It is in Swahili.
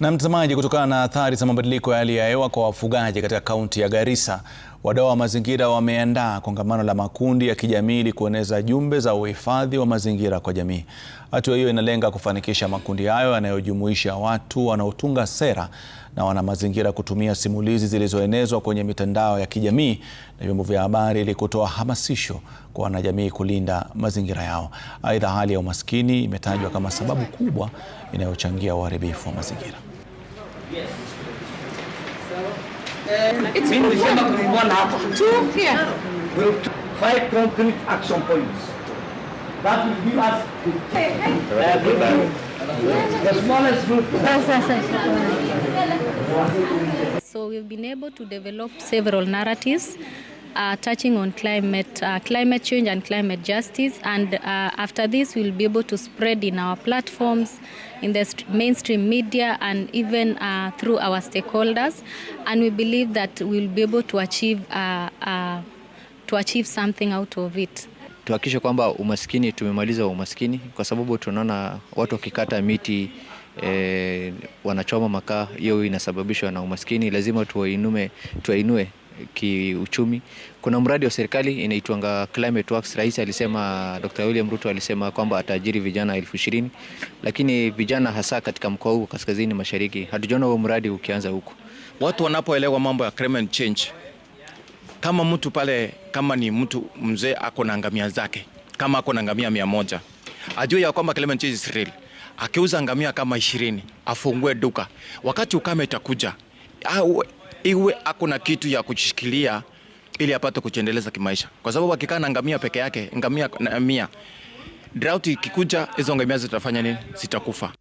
Na mtazamaji, kutokana na athari za mabadiliko ya hali ya hewa kwa wafugaji katika kaunti ya Garissa, Wadau wa mazingira wameandaa kongamano la makundi ya kijamii ili kueneza jumbe za uhifadhi wa mazingira kwa jamii. Hatua hiyo inalenga kufanikisha makundi hayo yanayojumuisha watu wanaotunga sera na wana mazingira kutumia simulizi zilizoenezwa kwenye mitandao ya kijamii na vyombo vya habari ili kutoa hamasisho kwa wanajamii kulinda mazingira yao. Aidha, hali ya umaskini imetajwa kama sababu kubwa inayochangia uharibifu wa mazingira. It's mean we came up with one action. Two, yeah. We'll five concrete action points. That will give us the, uh, the, the smallest group. So we've been able to develop several narratives. uh, touching on climate, uh, climate change and climate justice. And uh, after this, we'll be able to spread in our platforms, in the mainstream media, and even uh, through our stakeholders. And we believe that we'll be able to achieve, uh, uh, to achieve something out of it. Tuhakikishe kwamba umaskini, tumemaliza umaskini kwa sababu tunaona watu wakikata miti E, wanachoma makaa. Hiyo inasababishwa na umaskini. Lazima tuwainue, tuwainue kiuchumi. Kuna mradi wa serikali inaitwanga Climate Works. Rais alisema, Dr. William Ruto alisema kwamba ataajiri vijana elfu ishirini lakini vijana hasa katika mkoa huu kaskazini mashariki hatujaona huo mradi ukianza huko. Watu wanapoelewa mambo ya climate change, kama mtu pale, kama ni mtu mzee ako na ngamia zake, kama ako na ngamia mia moja ajue ya kwamba climate change is real. Akiuza ngamia kama ishirini afungue duka, wakati ukame itakuja awe, iwe na kitu ya kushikilia ili apate kujiendeleza kimaisha, kwa sababu akikaa na ngamia peke yake, ngamia na mia drought ikikuja, hizo ngamia zitafanya nini? Zitakufa.